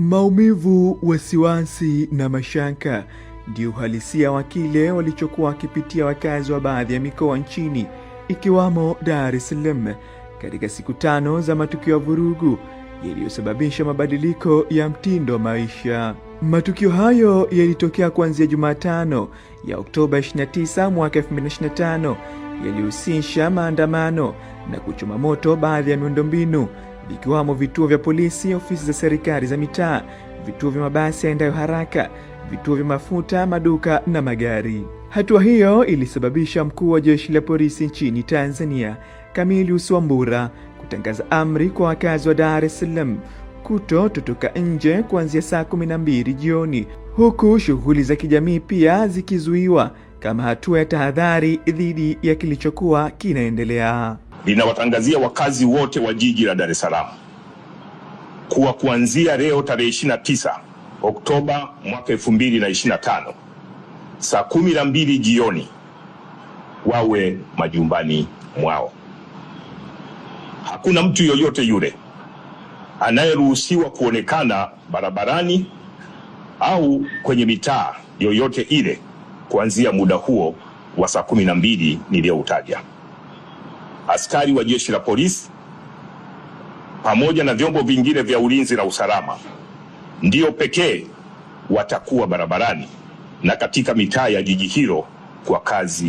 Maumivu, wasiwasi na mashaka ndio uhalisia wa kile walichokuwa wakipitia wakazi wa baadhi ya mikoa nchini ikiwamo Dar es Salaam katika siku tano za matukio ya vurugu yaliyosababisha mabadiliko ya mtindo wa maisha. Matukio hayo yalitokea kuanzia Jumatano ya Oktoba 29 mwaka 2025 yaliyohusisha maandamano na kuchoma moto baadhi ya miundombinu vikiwamo vituo vya polisi, ofisi za serikali za mitaa, vituo vya mabasi yaendayo haraka, vituo vya mafuta, maduka na magari. Hatua hiyo ilisababisha mkuu wa jeshi la polisi nchini Tanzania, Camillus Wambura, kutangaza amri kwa wakazi wa Dar es Salaam kuto totoka nje kuanzia saa 12 jioni huku shughuli za kijamii pia zikizuiwa kama hatua ya tahadhari dhidi ya kilichokuwa kinaendelea. linawatangazia wakazi wote wa jiji la Dar es Salaam kuwa kuanzia leo tarehe 29 Oktoba mwaka 2025 saa kumi na mbili jioni wawe majumbani mwao. Hakuna mtu yoyote yule anayeruhusiwa kuonekana barabarani au kwenye mitaa yoyote ile kuanzia muda huo wa saa kumi na mbili niliyoutaja. Askari wa jeshi la polisi pamoja na vyombo vingine vya ulinzi na usalama ndio pekee watakuwa barabarani na katika mitaa ya jiji hilo kwa kazi